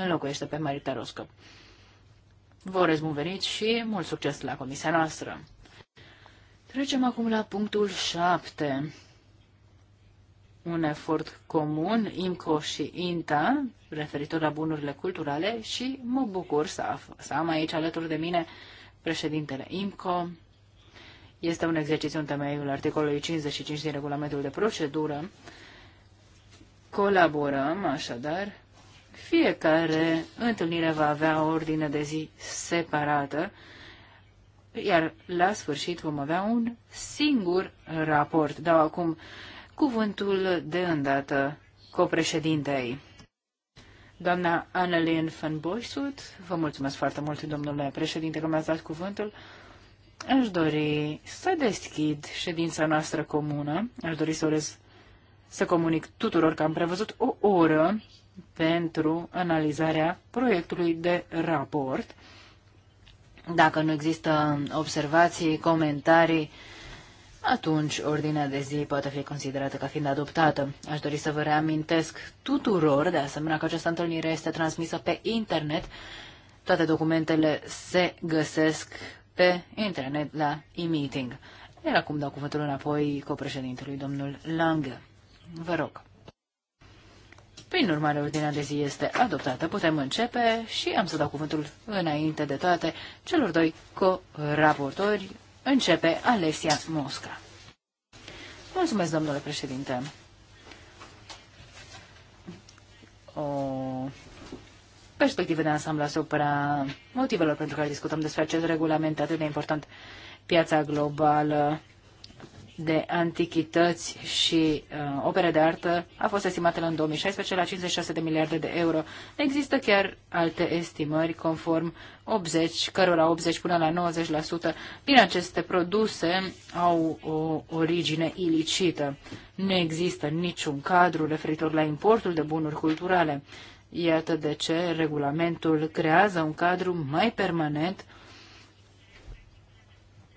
înlocuiește pe Marita Roscop. Vă urez bun venit și mult succes la comisia noastră. Trecem acum la punctul 7. Un efort comun, IMCO și INTA, referitor la bunurile culturale și mă bucur să, af- să am aici alături de mine președintele IMCO. Este un exercițiu în temeiul articolului 55 din regulamentul de procedură. Colaborăm, așadar, fiecare întâlnire va avea o ordine de zi separată, iar la sfârșit vom avea un singur raport. Dau acum cuvântul de îndată copreședintei. Doamna Annelien van Boisut, vă mulțumesc foarte mult, domnule președinte, că mi-ați dat cuvântul. Aș dori să deschid ședința noastră comună. Aș dori să urez să comunic tuturor că am prevăzut o oră pentru analizarea proiectului de raport. Dacă nu există observații, comentarii, atunci ordinea de zi poate fi considerată ca fiind adoptată. Aș dori să vă reamintesc tuturor, de asemenea, că această întâlnire este transmisă pe internet. Toate documentele se găsesc pe internet la e-meeting. Iar acum dau cuvântul înapoi copreședintelui, președintelui domnul Lange. Vă rog. Prin urmare, ordinea de zi este adoptată, putem începe și am să dau cuvântul înainte de toate celor doi co-raportori. Începe Alesia Mosca. Mulțumesc, domnule președinte. O perspectivă de ansamblu asupra motivelor pentru care discutăm despre acest regulament atât de important. Piața globală de antichități și uh, opere de artă a fost estimată în 2016 la 56 de miliarde de euro. Există chiar alte estimări conform 80, cărora 80 până la 90% din aceste produse au o origine ilicită. Nu există niciun cadru referitor la importul de bunuri culturale. Iată de ce regulamentul creează un cadru mai permanent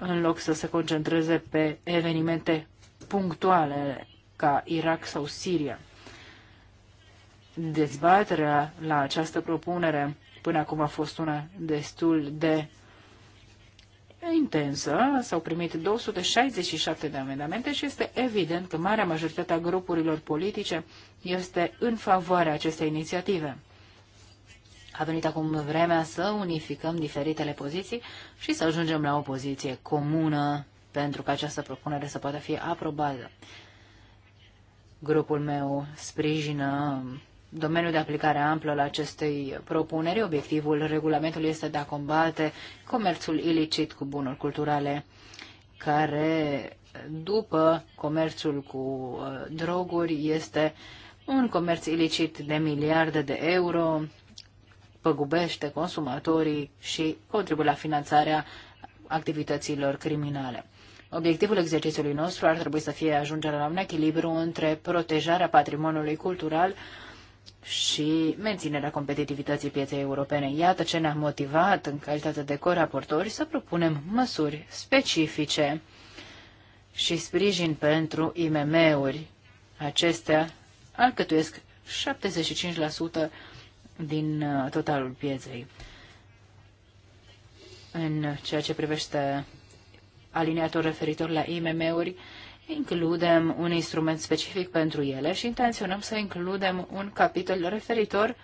în loc să se concentreze pe evenimente punctuale ca Irak sau Siria. Dezbaterea la această propunere până acum a fost una destul de intensă, s-au primit 267 de amendamente și este evident că marea majoritate a grupurilor politice este în favoarea acestei inițiative. A venit acum vremea să unificăm diferitele poziții și să ajungem la o poziție comună pentru că această propunere să poată fi aprobată. Grupul meu sprijină domeniul de aplicare amplă al acestei propuneri. Obiectivul regulamentului este de a combate comerțul ilicit cu bunuri culturale, care, după comerțul cu uh, droguri, este un comerț ilicit de miliarde de euro, păgubește consumatorii și contribuie la finanțarea activităților criminale. Obiectivul exercițiului nostru ar trebui să fie ajungerea la un echilibru între protejarea patrimoniului cultural și menținerea competitivității pieței europene. Iată ce ne-a motivat în calitate de coraportori să propunem măsuri specifice și sprijin pentru IMM-uri. Acestea alcătuiesc 75% din uh, totalul pieței. În ceea ce privește aliniatul referitor la IMM-uri, includem un instrument specific pentru ele și intenționăm să includem un capitol referitor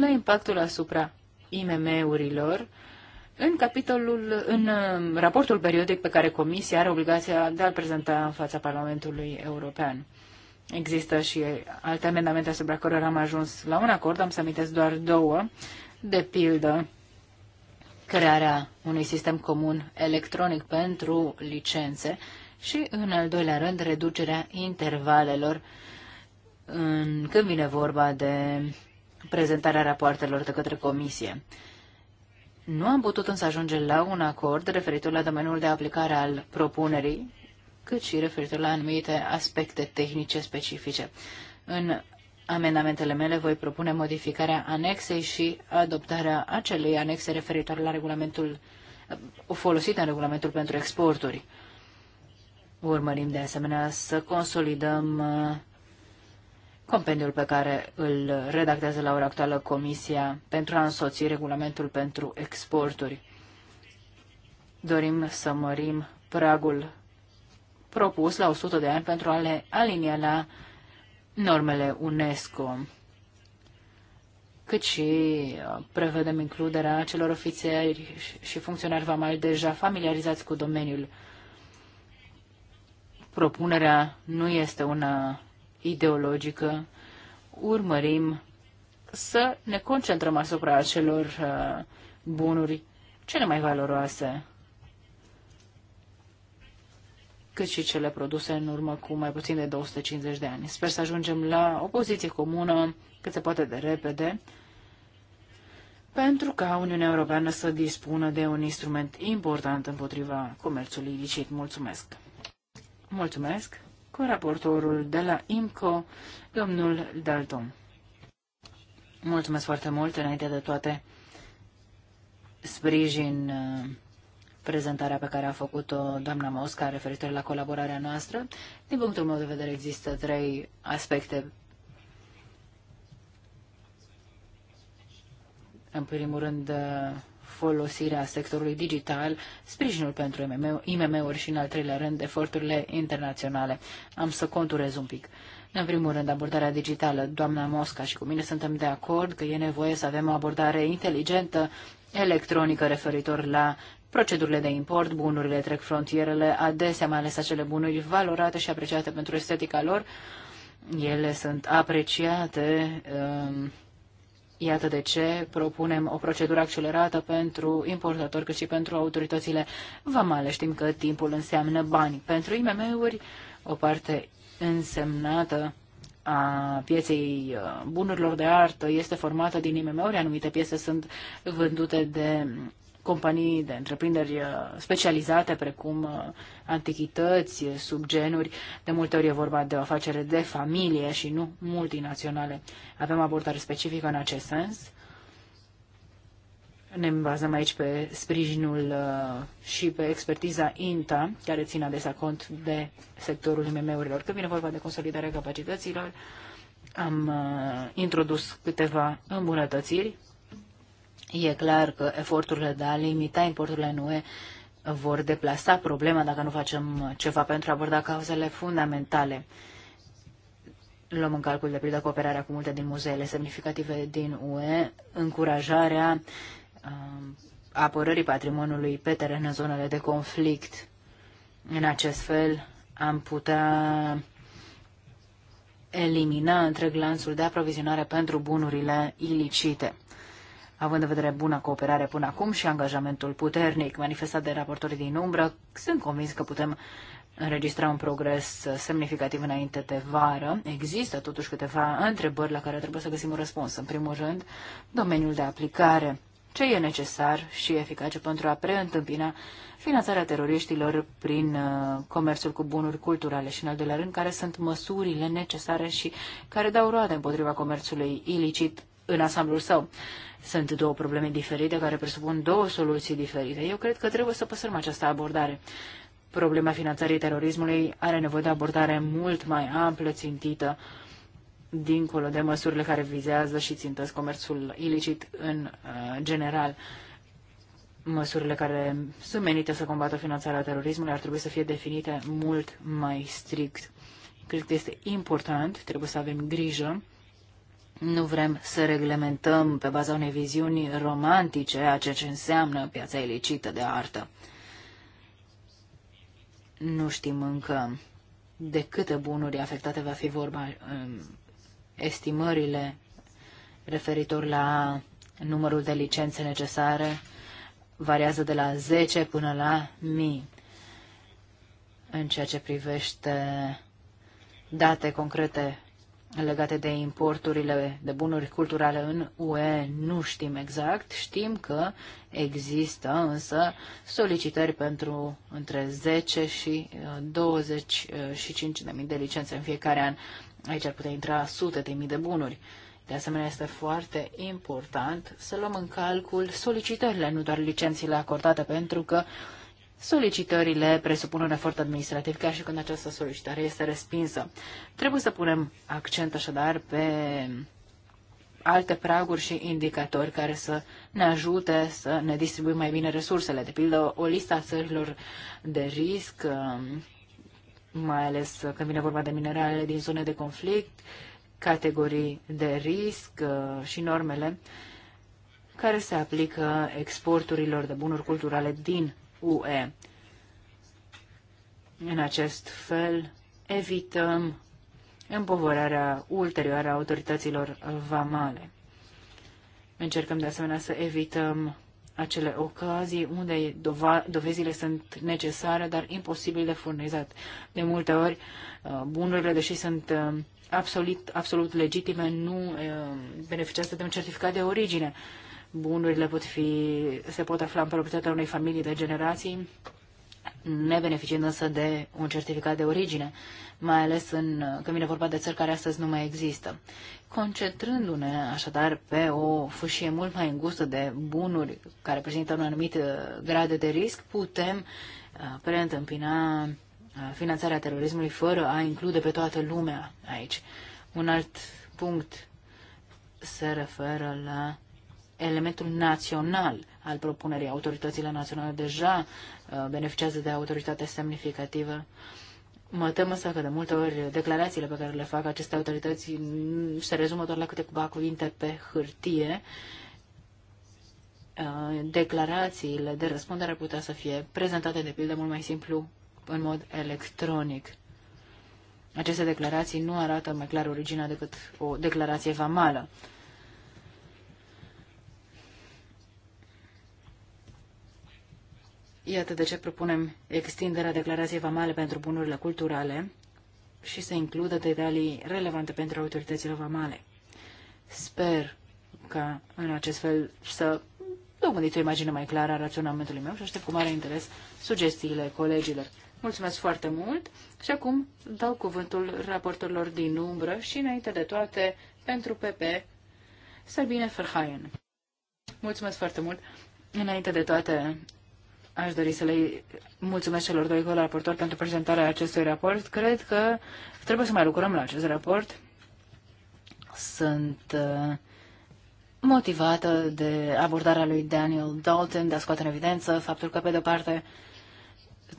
la impactul asupra IMM-urilor în capitolul, în uh, raportul periodic pe care Comisia are obligația de a-l prezenta în fața Parlamentului European. Există și alte amendamente asupra cărora am ajuns la un acord, am să amintesc doar două, de pildă crearea unui sistem comun electronic pentru licențe și, în al doilea rând, reducerea intervalelor în, când vine vorba de prezentarea rapoartelor de către comisie. Nu am putut însă ajunge la un acord referitor la domeniul de aplicare al propunerii, cât și referitor la anumite aspecte tehnice specifice. În amendamentele mele voi propune modificarea anexei și adoptarea acelei anexe referitor la regulamentul folosit în regulamentul pentru exporturi. Urmărim de asemenea să consolidăm uh, compendiul pe care îl redactează la ora actuală Comisia pentru a însoți regulamentul pentru exporturi. Dorim să mărim pragul propus la 100 de ani pentru a le alinia la normele UNESCO cât și uh, prevedem includerea celor ofițeri și funcționari vamali deja familiarizați cu domeniul. Propunerea nu este una ideologică. Urmărim să ne concentrăm asupra acelor uh, bunuri cele mai valoroase cât și cele produse în urmă cu mai puțin de 250 de ani. Sper să ajungem la o poziție comună cât se poate de repede pentru ca Uniunea Europeană să dispună de un instrument important împotriva comerțului ilicit. Mulțumesc! Mulțumesc cu raportorul de la IMCO, domnul Dalton. Mulțumesc foarte mult, înainte de toate, sprijin uh, prezentarea pe care a făcut-o doamna Mosca referitor la colaborarea noastră. Din punctul meu de vedere există trei aspecte. În primul rând, uh, folosirea sectorului digital, sprijinul pentru IMM-uri și, în al treilea rând, eforturile internaționale. Am să conturez un pic. În primul rând, abordarea digitală. Doamna Mosca și cu mine suntem de acord că e nevoie să avem o abordare inteligentă, electronică referitor la procedurile de import, bunurile trec frontierele, adesea mai ales acele bunuri valorate și apreciate pentru estetica lor. Ele sunt apreciate. Um, iată de ce propunem o procedură accelerată pentru importatori cât și pentru autoritățile vamale. Știm că timpul înseamnă bani. Pentru IMM-uri, o parte însemnată a pieței uh, bunurilor de artă este formată din IMM-uri, anumite piese sunt vândute de companii, de întreprinderi uh, specializate, precum uh, antichități, uh, subgenuri. De multe ori e vorba de o afacere de familie și nu multinaționale. Avem abordare specifică în acest sens. Ne bazăm aici pe sprijinul și pe expertiza INTA, care ține adesea cont de sectorul IMM-urilor. Când vine vorba de consolidarea capacităților, am introdus câteva îmbunătățiri E clar că eforturile de a limita importurile în UE vor deplasa problema dacă nu facem ceva pentru a aborda cauzele fundamentale. Luăm în calcul de pildă cooperarea cu multe din muzeele semnificative din UE, încurajarea uh, apărării patrimoniului pe teren în zonele de conflict. În acest fel am putea elimina întreg lanțul de aprovizionare pentru bunurile ilicite. Având în vedere bună cooperare până acum și angajamentul puternic manifestat de raportorii din umbră, sunt convins că putem înregistra un progres semnificativ înainte de vară. Există totuși câteva întrebări la care trebuie să găsim un răspuns. În primul rând, domeniul de aplicare. Ce e necesar și eficace pentru a preîntâmpina finanțarea teroriștilor prin uh, comerțul cu bunuri culturale și, în al doilea rând, care sunt măsurile necesare și care dau roade împotriva comerțului ilicit în ansamblul său. Sunt două probleme diferite care presupun două soluții diferite. Eu cred că trebuie să păstrăm această abordare. Problema finanțării terorismului are nevoie de abordare mult mai amplă, țintită, dincolo de măsurile care vizează și țintesc comerțul ilicit în uh, general. Măsurile care sunt menite să combată finanțarea terorismului ar trebui să fie definite mult mai strict. Cred că este important, trebuie să avem grijă nu vrem să reglementăm pe baza unei viziuni romantice a ceea ce înseamnă piața ilicită de artă. Nu știm încă de câte bunuri afectate va fi vorba. Um, estimările referitor la numărul de licențe necesare variază de la 10 până la 1000. În ceea ce privește date concrete legate de importurile de bunuri culturale în UE nu știm exact. Știm că există însă solicitări pentru între 10 și 25 uh, uh, de mii de licențe în fiecare an. Aici ar putea intra sute de mii de bunuri. De asemenea, este foarte important să luăm în calcul solicitările, nu doar licențiile acordate, pentru că uh, solicitările presupun un efort administrativ, chiar și când această solicitare este respinsă. Trebuie să punem accent așadar pe alte praguri și indicatori care să ne ajute să ne distribuim mai bine resursele. De pildă, o listă a țărilor de risc, um, mai ales când vine vorba de minerale din zone de conflict, categorii de risc uh, și normele care se aplică exporturilor de bunuri culturale din UE. În acest fel, evităm împovărarea ulterioară a autorităților vamale. Încercăm de asemenea să evităm acele ocazii unde dovezile sunt necesare, dar imposibil de furnizat. De multe ori, uh, bunurile, deși sunt uh, absolut, absolut legitime, nu uh, beneficiază de un certificat de origine bunurile pot fi, se pot afla în proprietatea unei familii de generații, ne beneficiind însă de un certificat de origine, mai ales în, când vine vorba de țări care astăzi nu mai există. Concentrându-ne așadar pe o fâșie mult mai îngustă de bunuri care prezintă un anumit uh, grad de risc, putem uh, preîntâmpina uh, finanțarea terorismului fără a include pe toată lumea aici. Un alt punct se referă la elementul național al propunerii. Autoritățile naționale deja uh, beneficiază de autoritate semnificativă. Mă tem însă că de multe ori declarațiile pe care le fac aceste autorități se rezumă doar la câteva cuvinte pe hârtie. Uh, declarațiile de răspundere putea să fie prezentate de pildă mult mai simplu în mod electronic. Aceste declarații nu arată mai clar originea decât o declarație vamală. Iată de ce propunem extinderea declarației vamale pentru bunurile culturale și să includă detalii relevante pentru autoritățile vamale. Sper ca în acest fel să dobândiți o imagine mai clară a raționamentului meu și aștept cu mare interes sugestiile colegilor. Mulțumesc foarte mult și acum dau cuvântul raportorilor din umbră și înainte de toate pentru PP, Sabine Ferhaien. Mulțumesc foarte mult! Înainte de toate, Aș dori să le mulțumesc celor doi raportori pentru prezentarea acestui raport. Cred că trebuie să mai lucrăm la acest raport. Sunt uh, motivată de abordarea lui Daniel Dalton de a scoate în evidență faptul că, pe de-o parte,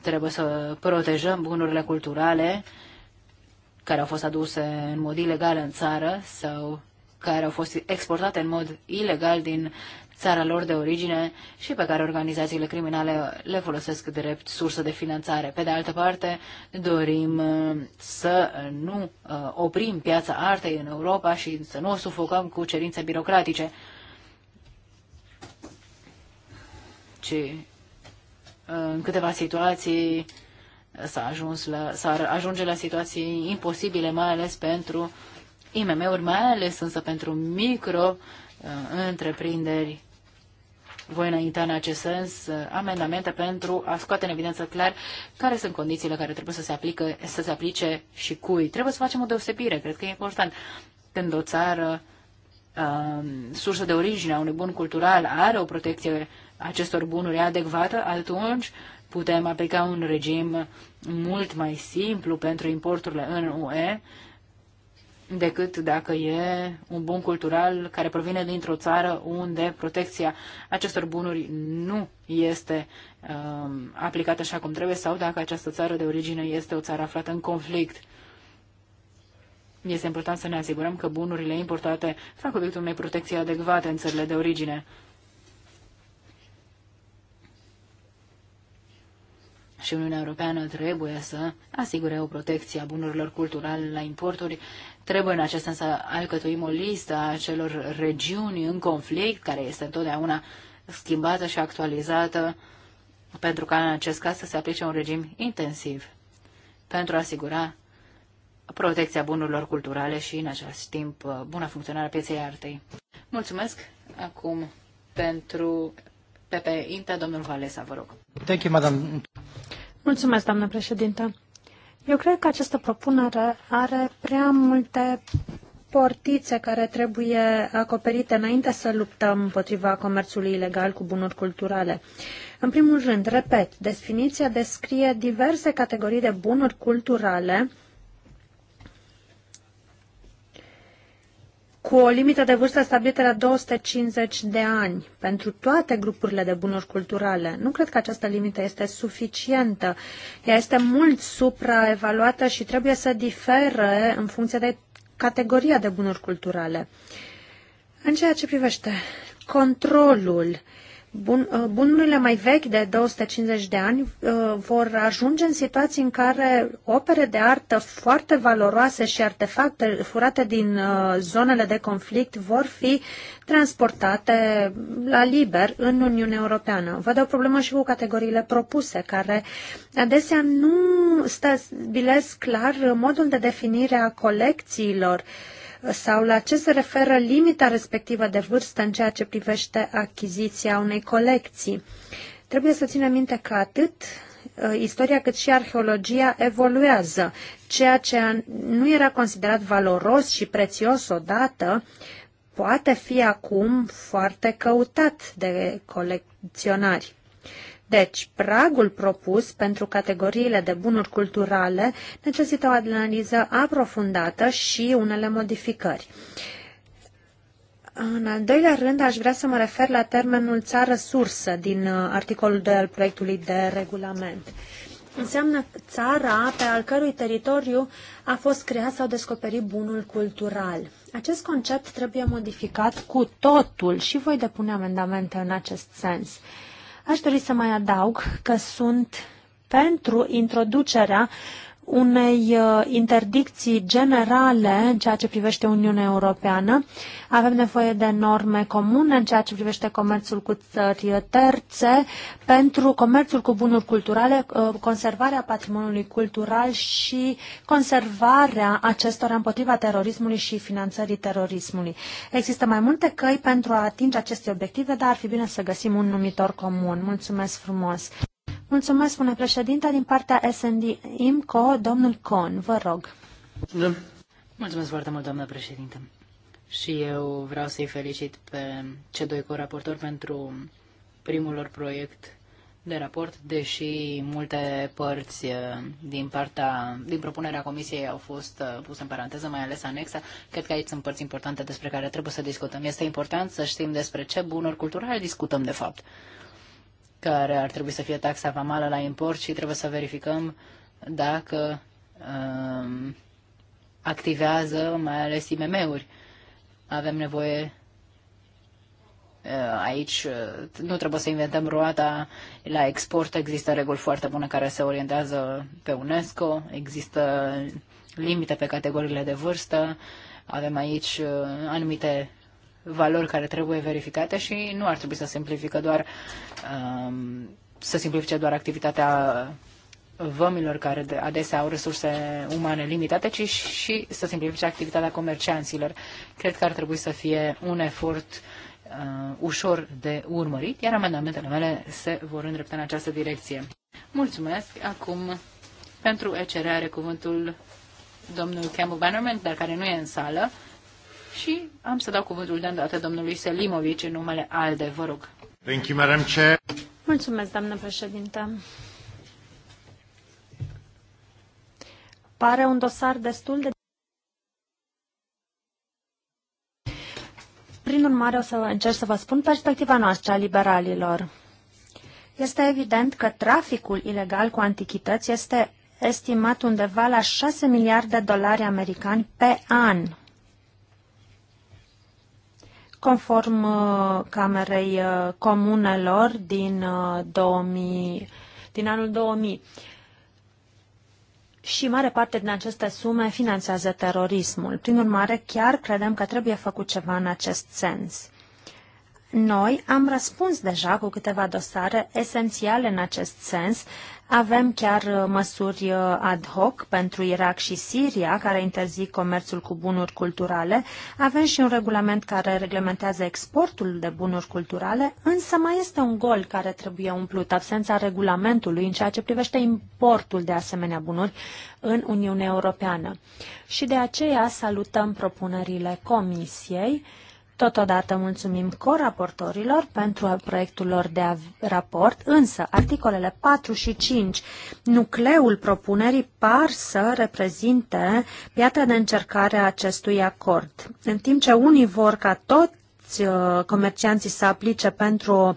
trebuie să protejăm bunurile culturale care au fost aduse în mod ilegal în țară sau care au fost exportate în mod ilegal din țara lor de origine și pe care organizațiile criminale le folosesc drept sursă de finanțare. Pe de altă parte, dorim uh, să nu uh, oprim piața artei în Europa și să nu o sufocăm cu cerințe birocratice, ci uh, în câteva situații s-a ajuns la, s ajunge la situații imposibile, mai ales pentru IMM-uri, mai ales însă pentru micro întreprinderi voi înainta în acest sens uh, amendamente pentru a scoate în evidență clar care sunt condițiile care trebuie să se, aplică, să se aplice și cui. Trebuie să facem o deosebire, cred că e important. Când o țară um, sursă de origine a unui bun cultural are o protecție acestor bunuri adecvată, atunci putem aplica un regim mult mai simplu pentru importurile în UE decât dacă e un bun cultural care provine dintr-o țară unde protecția acestor bunuri nu este um, aplicată așa cum trebuie sau dacă această țară de origine este o țară aflată în conflict. Este important să ne asigurăm că bunurile importate fac obiectul unei protecții adecvate în țările de origine. și Uniunea Europeană trebuie să asigure o protecție a bunurilor culturale la importuri. Trebuie în acest sens să alcătuim o listă a celor regiuni în conflict, care este întotdeauna schimbată și actualizată, pentru ca în acest caz să se aplice un regim intensiv pentru a asigura protecția bunurilor culturale și, în același timp, buna funcționare a pieței artei. Mulțumesc acum pentru PP domnul Valesa, vă rog. Thank you, madam. Mulțumesc, doamnă președintă. Eu cred că această propunere are prea multe portițe care trebuie acoperite înainte să luptăm împotriva comerțului ilegal cu bunuri culturale. În primul rând, repet, definiția descrie diverse categorii de bunuri culturale cu o limită de vârstă stabilită la 250 de ani pentru toate grupurile de bunuri culturale. Nu cred că această limită este suficientă. Ea este mult supraevaluată și trebuie să difere în funcție de categoria de bunuri culturale. În ceea ce privește controlul, uh, Bun, uh, bunurile mai vechi de 250 de ani uh, vor ajunge în situații în care opere de artă foarte valoroase și artefacte furate din uh, zonele de conflict vor fi transportate la liber în Uniunea Europeană. Văd o problemă și cu categoriile propuse, care adesea nu stabilesc clar modul de definire a colecțiilor uh, sau la ce se referă limita respectivă de vârstă în ceea ce privește achiziția unei colecții. Trebuie să ținem minte că atât uh, istoria cât și arheologia evoluează, ceea ce nu era considerat valoros și prețios odată, poate fi acum foarte căutat de colecționari. Deci, pragul propus pentru categoriile de bunuri culturale necesită o analiză aprofundată și unele modificări. În al doilea rând, aș vrea să mă refer la termenul țară sursă din uh, articolul 2 al proiectului de regulament. Înseamnă țara pe al cărui teritoriu a fost creat sau descoperit bunul cultural. Acest concept trebuie modificat cu totul și voi depune amendamente în acest sens. Aș dori să mai adaug că sunt pentru introducerea unei uh, interdicții generale în ceea ce privește Uniunea Europeană. Avem nevoie de norme comune în ceea ce privește comerțul cu țări terțe, pentru comerțul cu bunuri culturale, uh, conservarea patrimoniului cultural și conservarea acestora împotriva terorismului și finanțării terorismului. Există mai multe căi pentru a atinge aceste obiective, dar ar fi bine să găsim un numitor comun. Mulțumesc frumos! Mulțumesc, spune președinta, din partea SND IMCO, domnul Con, vă rog. Mulțumesc foarte mult, doamnă președinte. Și eu vreau să-i felicit pe cei doi coraportori pentru primul lor proiect de raport, deși multe părți eh, din partea, din propunerea comisiei au fost eh, puse în paranteză, mai ales anexa. Cred că aici sunt părți importante despre care trebuie să discutăm. Este important să știm despre ce bunuri culturale discutăm, de fapt care ar trebui să fie taxa vamală la import și trebuie să verificăm dacă um, activează mai ales IMM-uri. Avem nevoie uh, aici uh, nu trebuie să inventăm roata, la export există reguli foarte bune care se orientează pe UNESCO, există limite pe categoriile de vârstă, avem aici uh, anumite valori care trebuie verificate și nu ar trebui să simplifică doar um, să simplifice doar activitatea vămilor care adesea au resurse umane limitate, ci și să simplifice activitatea comercianților. Cred că ar trebui să fie un efort uh, ușor de urmărit, iar amendamentele mele se vor îndrepta în această direcție. Mulțumesc! Acum, pentru ECR are cuvântul domnul Campbell Bannerman, dar care nu e în sală și am să dau cuvântul de îndată domnului Selimovici în numele ALDE. Vă rog. Thank you, Madam Chair. Mulțumesc, doamnă președintă. Pare un dosar destul de Prin urmare, o să încerc să vă spun perspectiva noastră a liberalilor. Este evident că traficul ilegal cu antichități este estimat undeva la 6 miliarde de dolari americani pe an conform uh, Camerei uh, Comunelor din, 2000, uh, din anul 2000. Și mare parte din aceste sume finanțează terorismul. Prin urmare, chiar credem că trebuie făcut ceva în acest sens. Noi am răspuns deja cu câteva dosare esențiale în acest sens. Avem chiar uh, măsuri uh, ad hoc pentru Irak și Siria, care interzic comerțul cu bunuri culturale. Avem și un regulament care reglementează exportul de bunuri culturale, însă mai este un gol care trebuie umplut, absența regulamentului în ceea ce privește importul de asemenea bunuri în Uniunea Europeană. Și de aceea salutăm propunerile Comisiei Totodată mulțumim coraportorilor pentru proiectul lor de raport, însă articolele 4 și 5, nucleul propunerii, par să reprezinte piatra de încercare a acestui acord. În timp ce unii vor ca tot uh, comercianții să aplice pentru o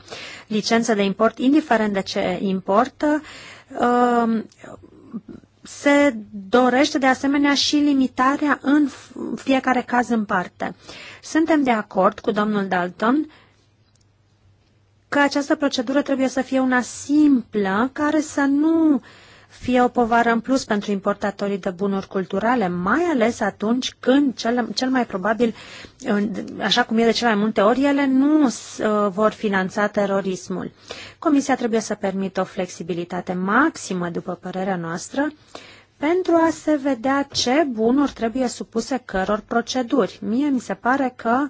licență de import, indiferent de ce importă, uh, se dorește de asemenea și limitarea în fiecare caz în parte. Suntem de acord cu domnul Dalton că această procedură trebuie să fie una simplă, care să nu fie o povară în plus pentru importatorii de bunuri culturale, mai ales atunci când cel, cel mai probabil, așa cum e de cele mai multe ori, ele nu uh, vor finanța terorismul. Comisia trebuie să permită o flexibilitate maximă, după părerea noastră, pentru a se vedea ce bunuri trebuie supuse căror proceduri. Mie mi se pare că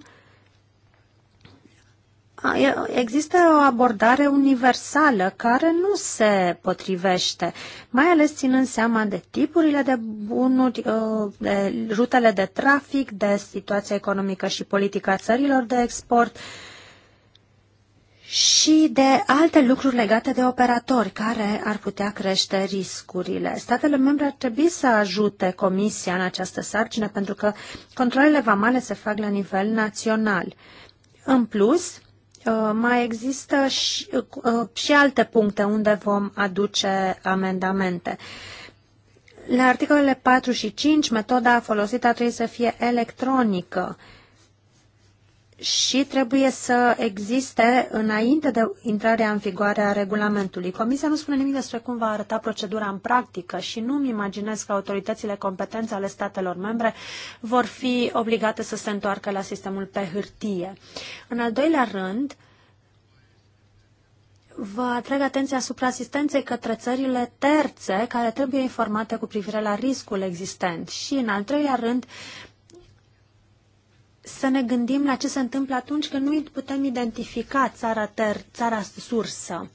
există o abordare universală care nu se potrivește, mai ales ținând seama de tipurile de bunuri, uh, de rutele de trafic, de situația economică și politică a țărilor de export și de alte lucruri legate de operatori care ar putea crește riscurile. Statele membre ar trebui să ajute Comisia în această sarcină pentru că controlele vamale se fac la nivel național. În plus, Uh, mai există și, uh, uh, și alte puncte unde vom aduce amendamente. La articolele 4 și 5, metoda folosită trebuie să fie electronică. Uh, și trebuie să existe înainte de intrarea în vigoare a regulamentului. Comisia nu spune nimic despre cum va arăta procedura în practică și nu îmi imaginez că autoritățile competențe ale statelor membre vor fi obligate să se întoarcă la sistemul pe hârtie. În al doilea rând, Vă atrag atenția asupra asistenței către țările terțe care trebuie informate cu privire la riscul existent și, în al treilea rând, să ne gândim la ce se întâmplă atunci când nu putem identifica țara, ter- țara sursă.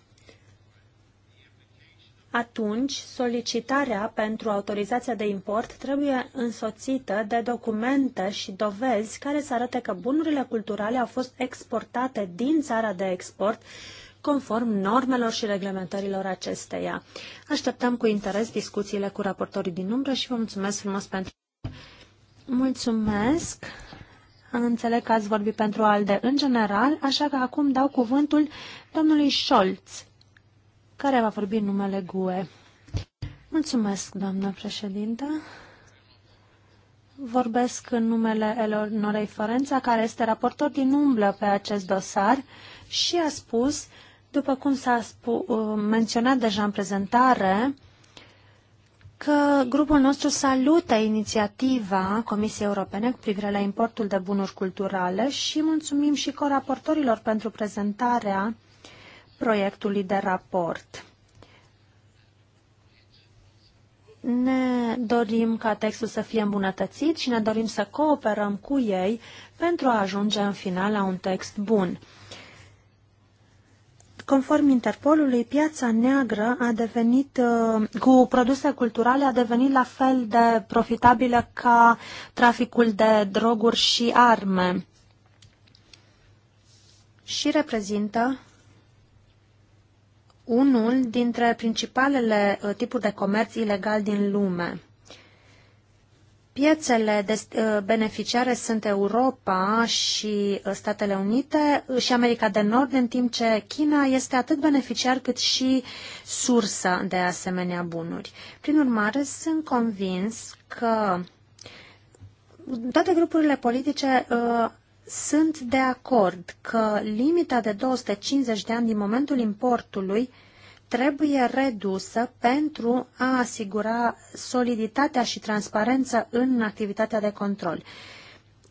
Atunci, solicitarea pentru autorizația de import trebuie însoțită de documente și dovezi care să arate că bunurile culturale au fost exportate din țara de export conform normelor și reglementărilor acesteia. Așteptăm cu interes discuțiile cu raportorii din umbră și vă mulțumesc frumos pentru. Mulțumesc! Înțeleg că ați vorbit pentru ALDE în general, așa că acum dau cuvântul domnului Scholz, care va vorbi în numele GUE. Mulțumesc, doamnă președinte. Vorbesc în numele Eleonorei Forența, care este raportor din umblă pe acest dosar și a spus, după cum s-a uh, menționat deja în prezentare, că grupul nostru salută inițiativa Comisiei Europene cu privire la importul de bunuri culturale și mulțumim și coraportorilor pentru prezentarea proiectului de raport. Ne dorim ca textul să fie îmbunătățit și ne dorim să cooperăm cu ei pentru a ajunge în final la un text bun. Conform Interpolului, piața neagră a devenit, uh, cu produse culturale a devenit la fel de profitabilă ca traficul de droguri și arme și reprezintă unul dintre principalele uh, tipuri de comerț ilegal din lume piețele uh, beneficiare sunt Europa și uh, Statele Unite uh, și America de Nord, în timp ce China este atât beneficiar cât și sursă de asemenea bunuri. Prin urmare, sunt convins că toate grupurile politice uh, sunt de acord că limita de 250 de ani din momentul importului uh, trebuie redusă pentru a asigura soliditatea și transparența în activitatea de control.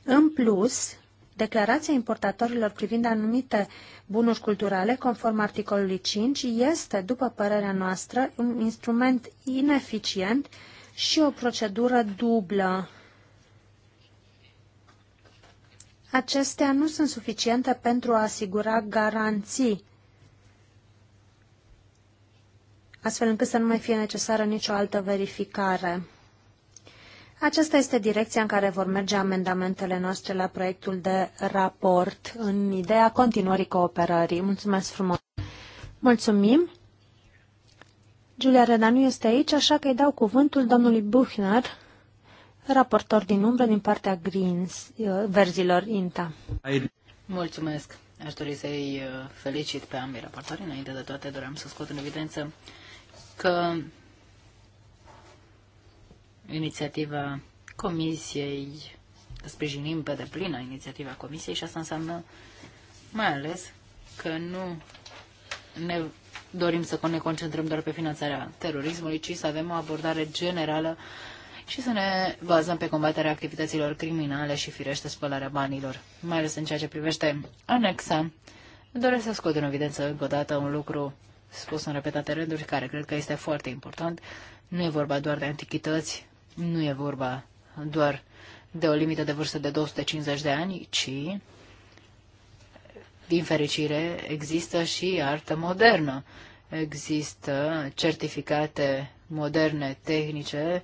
În plus, declarația importatorilor privind anumite bunuri culturale, conform articolului 5, este, după părerea noastră, un instrument ineficient și o procedură dublă. Acestea nu sunt suficiente pentru a asigura garanții astfel încât să nu mai fie necesară nicio altă verificare. Aceasta este direcția în care vor merge amendamentele noastre la proiectul de raport în ideea continuării cooperării. Mulțumesc frumos! Mulțumim! Giulia Reda nu este aici, așa că îi dau cuvântul domnului Buchner, raportor din umbră din partea Greens, uh, verzilor INTA. Mulțumesc! Aș dori să-i uh, felicit pe ambii raportori. Înainte de toate, doream să scot în evidență că inițiativa Comisiei, că sprijinim pe deplin inițiativa Comisiei și asta înseamnă mai ales că nu ne dorim să ne concentrăm doar pe finanțarea terorismului, ci să avem o abordare generală și să ne bazăm pe combaterea activităților criminale și firește spălarea banilor, mai ales în ceea ce privește anexa. Doresc să scot în evidență încă o dată un lucru spus în repetate rânduri, care cred că este foarte important. Nu e vorba doar de antichități, nu e vorba doar de o limită de vârstă de 250 de ani, ci, din fericire, există și artă modernă. Există certificate moderne tehnice,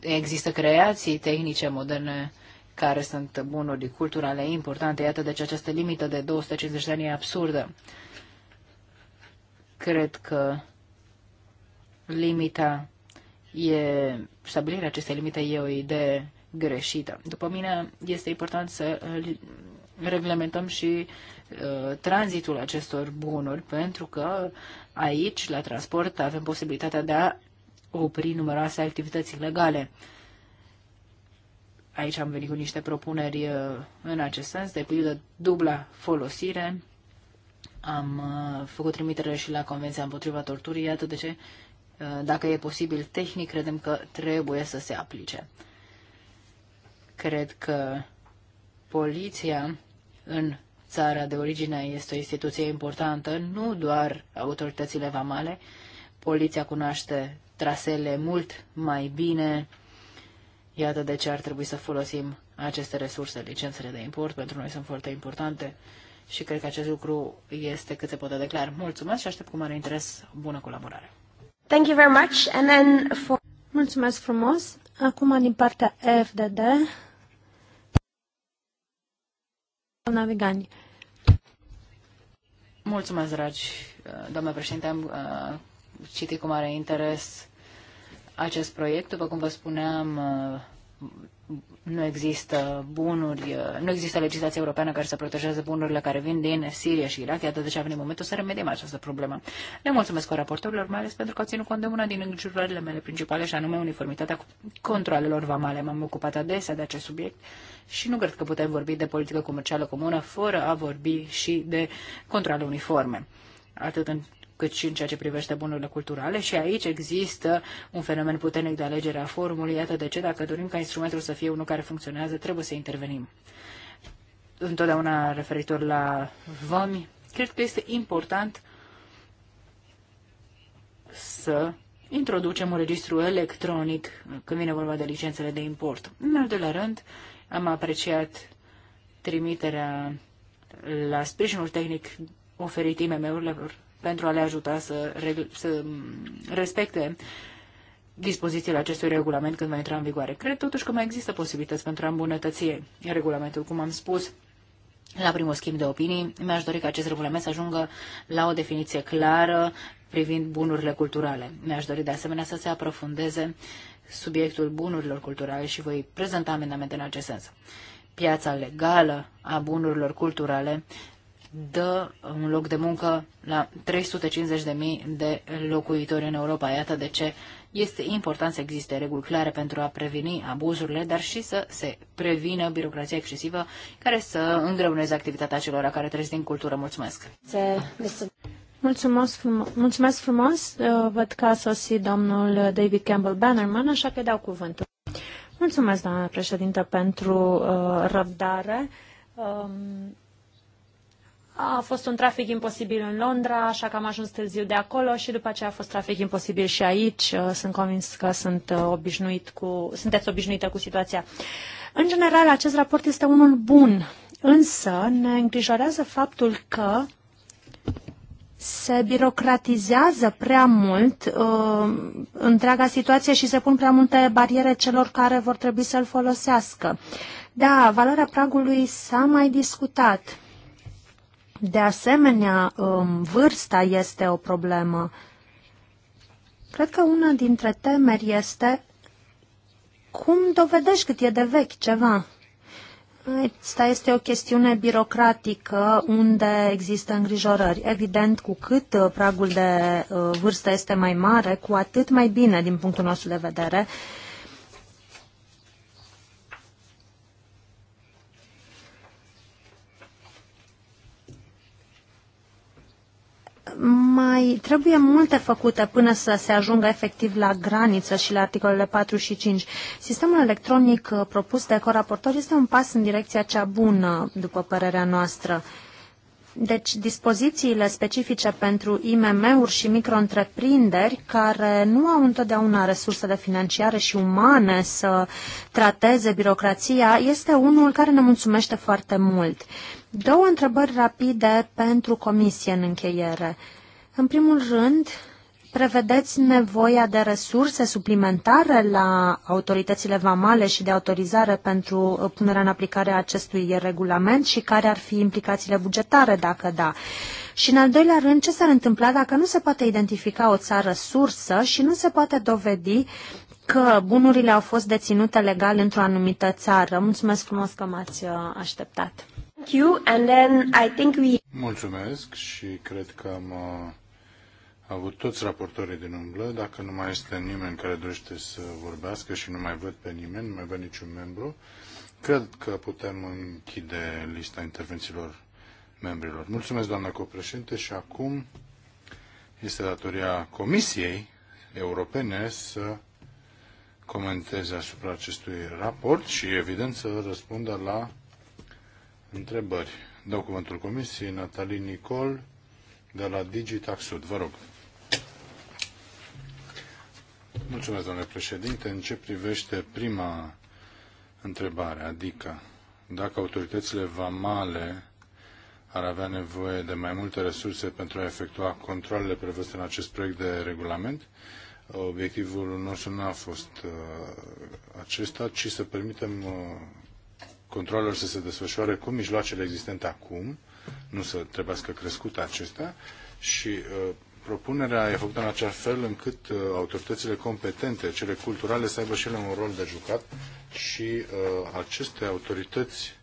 există creații tehnice moderne care sunt bunuri culturale importante. Iată, deci această limită de 250 de ani e absurdă. Cred că limita e, stabilirea acestei limite e o idee greșită. După mine, este important să reglementăm și uh, tranzitul acestor bunuri, pentru că aici, la transport, avem posibilitatea de a opri numeroase activități ilegale. Aici am venit cu niște propuneri uh, în acest sens, de pildă dubla folosire, am uh, făcut trimitere și la Convenția împotriva torturii, iată de ce, uh, dacă e posibil tehnic, credem că trebuie să se aplice. Cred că poliția în țara de origine este o instituție importantă, nu doar autoritățile vamale. Poliția cunoaște trasele mult mai bine. Iată de ce ar trebui să folosim aceste resurse. Licențele de import pentru noi sunt foarte importante și cred că acest lucru este cât se poate declar. Mulțumesc și aștept cu mare interes bună colaborare. Thank you very much. And then for... Mulțumesc frumos. Acum din partea FDD. Doamna Vigani. Mulțumesc, dragi doamna președinte. Am uh, citit cu mare interes acest proiect. După cum vă spuneam, uh, nu există bunuri, nu există legislație europeană care să protejeze bunurile care vin din Siria și Irak, iată de ce a venit momentul să remediem această problemă. Le mulțumesc cu raportorilor, mai ales pentru că au ținut cont de una din îngrijorările mele principale, și anume uniformitatea controlelor vamale. M-am ocupat adesea de acest subiect și nu cred că putem vorbi de politică comercială comună fără a vorbi și de controle uniforme atât în cât și în ceea ce privește bunurile culturale și aici există un fenomen puternic de alegere a formului. Iată de ce, dacă dorim ca instrumentul să fie unul care funcționează, trebuie să intervenim. Întotdeauna referitor la vămi, cred că este important să introducem un registru electronic când vine vorba de licențele de import. În al doilea rând, am apreciat trimiterea la sprijinul tehnic oferit IMM-urilor pentru a le ajuta să, să respecte dispozițiile acestui regulament când va intra în vigoare. Cred totuși că mai există posibilități pentru a îmbunătăți regulamentul, cum am spus. La primul schimb de opinii, mi-aș dori ca acest regulament să ajungă la o definiție clară privind bunurile culturale. Mi-aș dori de asemenea să se aprofundeze subiectul bunurilor culturale și voi prezenta amendamente în acest sens. Piața legală a bunurilor culturale dă un loc de muncă la 350.000 de locuitori în Europa. Iată de ce este important să existe reguli clare pentru a preveni abuzurile, dar și să se prevină birocrația excesivă care să îngreuneze activitatea celor care trăiesc din cultură. Mulțumesc! Mulțumesc frumos, mulțumesc frumos. Uh, văd că a sosit domnul David Campbell Bannerman, așa că dau cuvântul. Mulțumesc, doamnă președintă, pentru uh, răbdare. Um, a fost un trafic imposibil în Londra, așa că am ajuns târziu de acolo și după aceea a fost trafic imposibil și aici. Uh, sunt convins că sunt uh, obișnuit cu, sunteți obișnuită cu situația. În general, acest raport este unul bun, însă ne îngrijorează faptul că se birocratizează prea mult uh, întreaga situație și se pun prea multe bariere celor care vor trebui să-l folosească. Da, valoarea pragului s-a mai discutat. De asemenea, um, vârsta este o problemă. Cred că una dintre temeri este cum dovedești cât e de vechi ceva. Asta este o chestiune birocratică unde există îngrijorări. Evident, cu cât uh, pragul de uh, vârstă este mai mare, cu atât mai bine din punctul nostru de vedere mai trebuie multe făcute până să se ajungă efectiv la graniță și la articolele 4 și 5. Sistemul electronic uh, propus de coraportor este un pas în direcția cea bună, după părerea noastră. Deci, dispozițiile specifice pentru IMM-uri și micro-întreprinderi care nu au întotdeauna resursele financiare și umane să trateze birocrația este unul care ne mulțumește foarte mult. Două întrebări rapide pentru comisie în încheiere. În primul rând, prevedeți nevoia de resurse suplimentare la autoritățile vamale și de autorizare pentru punerea în aplicare a acestui regulament și care ar fi implicațiile bugetare, dacă da? Și în al doilea rând, ce s-ar întâmpla dacă nu se poate identifica o țară sursă și nu se poate dovedi că bunurile au fost deținute legal într-o anumită țară? Mulțumesc frumos că m-ați uh, așteptat. Mulțumesc și cred că am avut toți raportorii din umblă. Dacă nu mai este nimeni care dorește să vorbească și nu mai văd pe nimeni, nu mai văd niciun membru, cred că putem închide lista intervențiilor membrilor. Mulțumesc, doamna copreședinte, și acum este datoria Comisiei Europene să comenteze asupra acestui raport și, evident, să răspundă la întrebări. Dau cuvântul Comisiei, Natalie Nicol, de la Digitaxud. Vă rog. Mulțumesc, domnule președinte. În ce privește prima întrebare, adică dacă autoritățile vamale ar avea nevoie de mai multe resurse pentru a efectua controlele prevăzute în acest proiect de regulament, obiectivul nostru nu a fost uh, acesta, ci să permitem uh, controlelor să se desfășoare cu mijloacele existente acum, nu să trebuiască crescute acestea, și uh, propunerea e făcută în acea fel încât uh, autoritățile competente, cele culturale, să aibă și ele un rol de jucat și uh, aceste autorități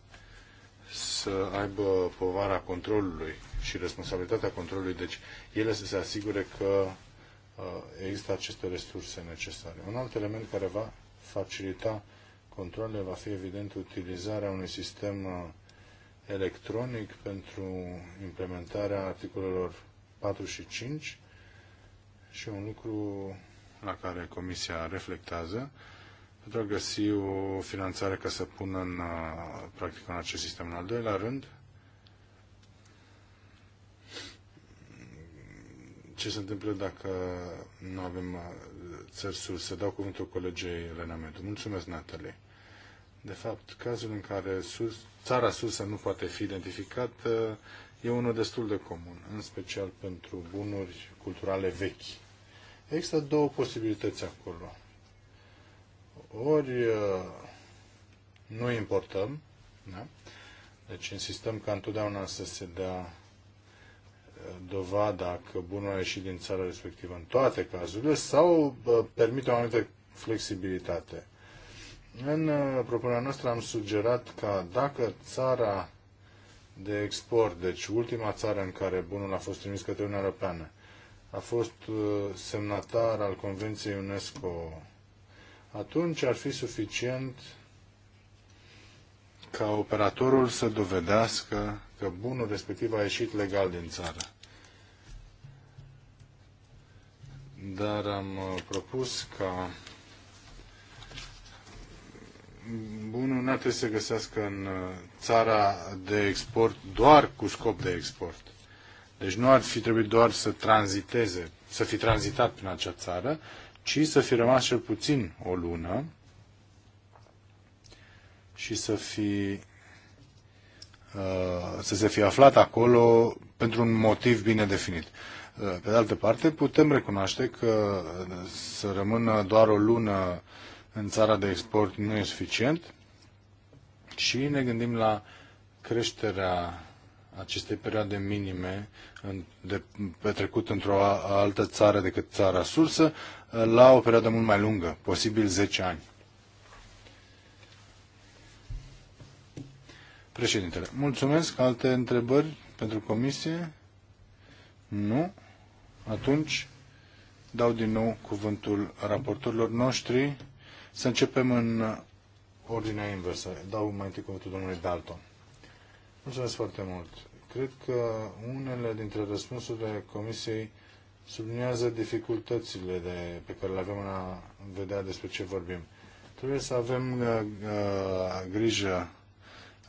să aibă povara controlului și responsabilitatea controlului, deci ele să se asigure că uh, există aceste resurse necesare. Un alt element care va facilita controlele va fi evident utilizarea unui sistem uh, electronic pentru implementarea articolelor 45 și și un lucru la care Comisia reflectează pentru a găsi o finanțare ca să pună în uh, practică în acest sistem. În al doilea rând, ce se întâmplă dacă nu avem uh, țări Să Dau cuvântul colegei Elena Medu. Mulțumesc, Natalie. De fapt, cazul în care sus, țara sursă nu poate fi identificată e unul destul de comun, în special pentru bunuri culturale vechi. Există două posibilități acolo. Ori uh, nu importăm, da? deci insistăm ca întotdeauna să se dea uh, dovada că bunul a ieșit din țara respectivă în toate cazurile sau uh, permite o anumită flexibilitate. În propunerea noastră am sugerat ca dacă țara de export, deci ultima țară în care bunul a fost trimis către Uniunea Europeană, a fost uh, semnatar al Convenției UNESCO, atunci ar fi suficient ca operatorul să dovedească că bunul respectiv a ieșit legal din țară. Dar am uh, propus ca bunul nu trebui să se găsească în uh, țara de export doar cu scop de export. Deci nu ar fi trebuit doar să tranziteze, să fi tranzitat prin acea țară, ci să fi rămas cel puțin o lună și să fi uh, să se fi aflat acolo pentru un motiv bine definit. Uh, pe de altă parte, putem recunoaște că să rămână doar o lună în țara de export nu e suficient și ne gândim la creșterea acestei perioade minime de petrecut într-o altă țară decât țara sursă la o perioadă mult mai lungă, posibil 10 ani. Președintele, mulțumesc. Alte întrebări pentru comisie? Nu? Atunci dau din nou cuvântul raportorilor noștri. Să începem în uh, ordinea inversă. Dau mai întâi cuvântul domnului Dalton. Mulțumesc foarte mult. Cred că unele dintre răspunsurile Comisiei subliniază dificultățile de, pe care le avem în a vedea despre ce vorbim. Trebuie să avem uh, uh grijă.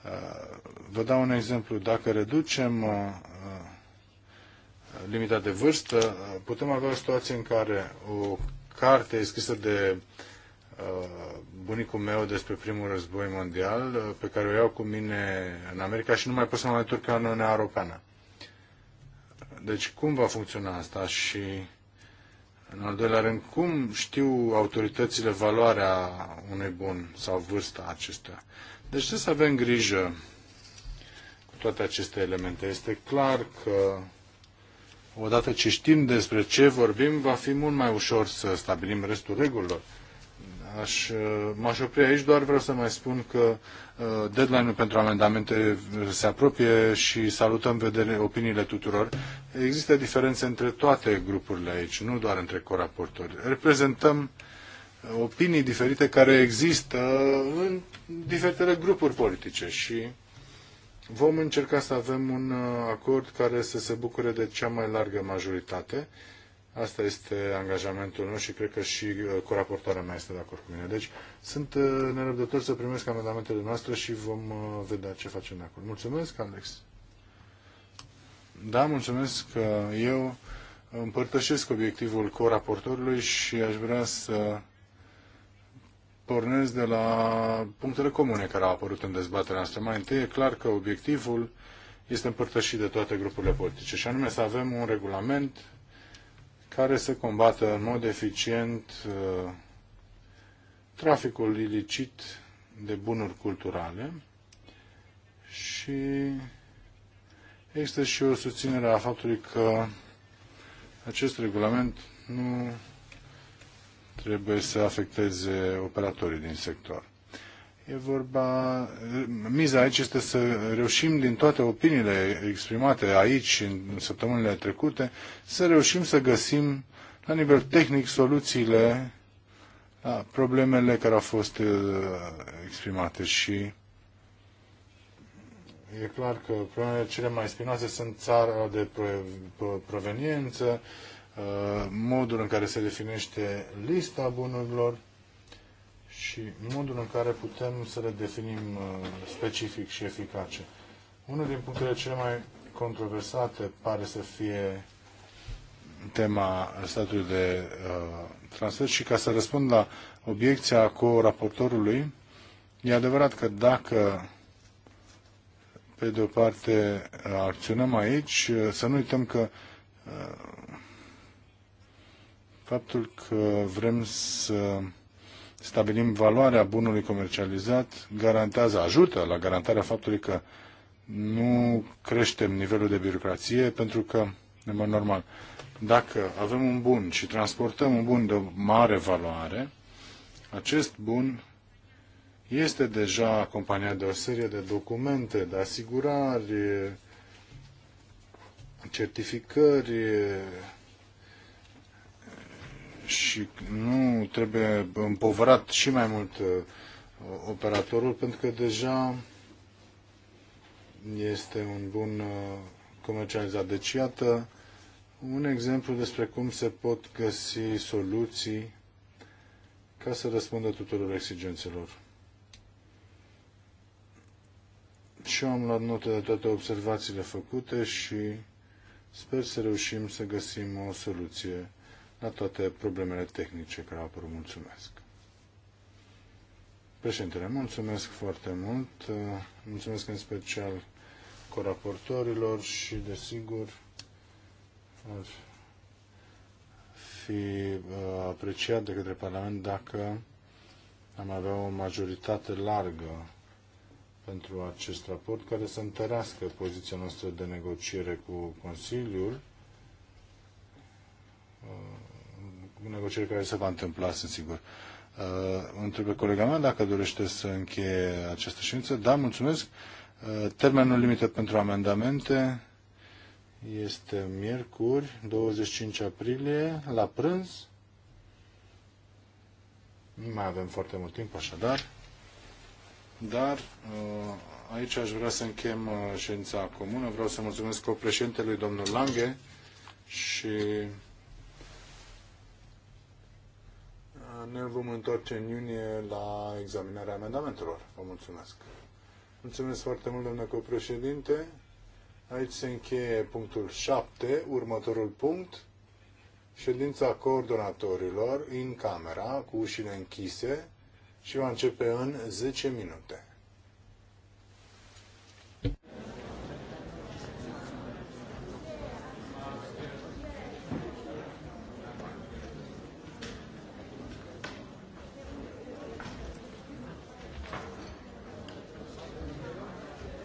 Uh, vă dau un exemplu. Dacă reducem uh, uh limita de vârstă, putem avea o situație în care o carte e scrisă de Uh, bunicul meu despre primul război mondial, uh, pe care o iau cu mine în America și nu mai pot să mă mai turc în Uniunea Europeană. Deci cum va funcționa asta și, în al doilea rând, cum știu autoritățile valoarea unui bun sau vârsta acestea? Deci trebuie să avem grijă cu toate aceste elemente. Este clar că odată ce știm despre ce vorbim, va fi mult mai ușor să stabilim restul regulilor. Aș, uh, m-aș opri aici, doar vreau să mai spun că uh, deadline-ul pentru amendamente uh, se apropie și salutăm vedere opiniile tuturor. Există diferențe între toate grupurile aici, nu doar între coraportori. Reprezentăm opinii diferite care există în diferitele grupuri politice și vom încerca să avem un acord care să se bucure de cea mai largă majoritate Asta este angajamentul meu și cred că și uh, coraportarea mea este de acord cu mine. Deci sunt uh, nerăbdător să primesc amendamentele noastre și vom uh, vedea ce facem de acord. Mulțumesc, Alex. Da, mulțumesc că eu împărtășesc obiectivul coraportorului și aș vrea să pornesc de la punctele comune care au apărut în dezbaterea noastră. Mai întâi e clar că obiectivul este împărtășit de toate grupurile politice și anume să avem un regulament care să combată în mod eficient uh, traficul ilicit de bunuri culturale și există și o susținere a faptului că acest regulament nu trebuie să afecteze operatorii din sector. E vorba, miza aici este să reușim din toate opiniile exprimate aici în săptămânile trecute, să reușim să găsim la nivel tehnic soluțiile la problemele care au fost uh, exprimate și e clar că problemele cele mai spinoase sunt țara de proveniență, uh, modul în care se definește lista bunurilor, și modul în care putem să le definim uh, specific și eficace. Unul din punctele cele mai controversate pare să fie tema statului de uh, transfer și ca să răspund la obiecția cu raportorului, e adevărat că dacă pe de o parte uh, acționăm aici, uh, să nu uităm că uh, faptul că vrem să stabilim valoarea bunului comercializat, garantează, ajută la garantarea faptului că nu creștem nivelul de birocrație, pentru că, în mod normal, dacă avem un bun și transportăm un bun de mare valoare, acest bun este deja acompaniat de o serie de documente, de asigurări, certificări, și nu trebuie împovărat și mai mult uh, operatorul, pentru că deja este un bun uh, comercializat. Deci, iată un exemplu despre cum se pot găsi soluții ca să răspundă tuturor exigențelor. Și eu am luat note de toate observațiile făcute și sper să reușim să găsim o soluție la toate problemele tehnice care au apărut. Mulțumesc! Președintele, mulțumesc foarte mult. Mulțumesc în special coraportorilor și, desigur, ar fi uh, apreciat de către Parlament dacă am avea o majoritate largă pentru acest raport care să întărească poziția noastră de negociere cu Consiliul negociere care se va întâmpla, sunt sigur. Uh, întreb colega mea dacă dorește să încheie această ședință. Da, mulțumesc. Uh, termenul limitat pentru amendamente este miercuri, 25 aprilie, la prânz. Nu mai avem foarte mult timp, așadar. Dar uh, aici aș vrea să închem uh, ședința comună. Vreau să mulțumesc copreședintelui domnul Lange și ne vom întoarce în iunie la examinarea amendamentelor. Vă mulțumesc. Mulțumesc foarte mult, domnule copreședinte. Aici se încheie punctul 7, următorul punct, ședința coordonatorilor în camera cu ușile închise și va începe în 10 minute.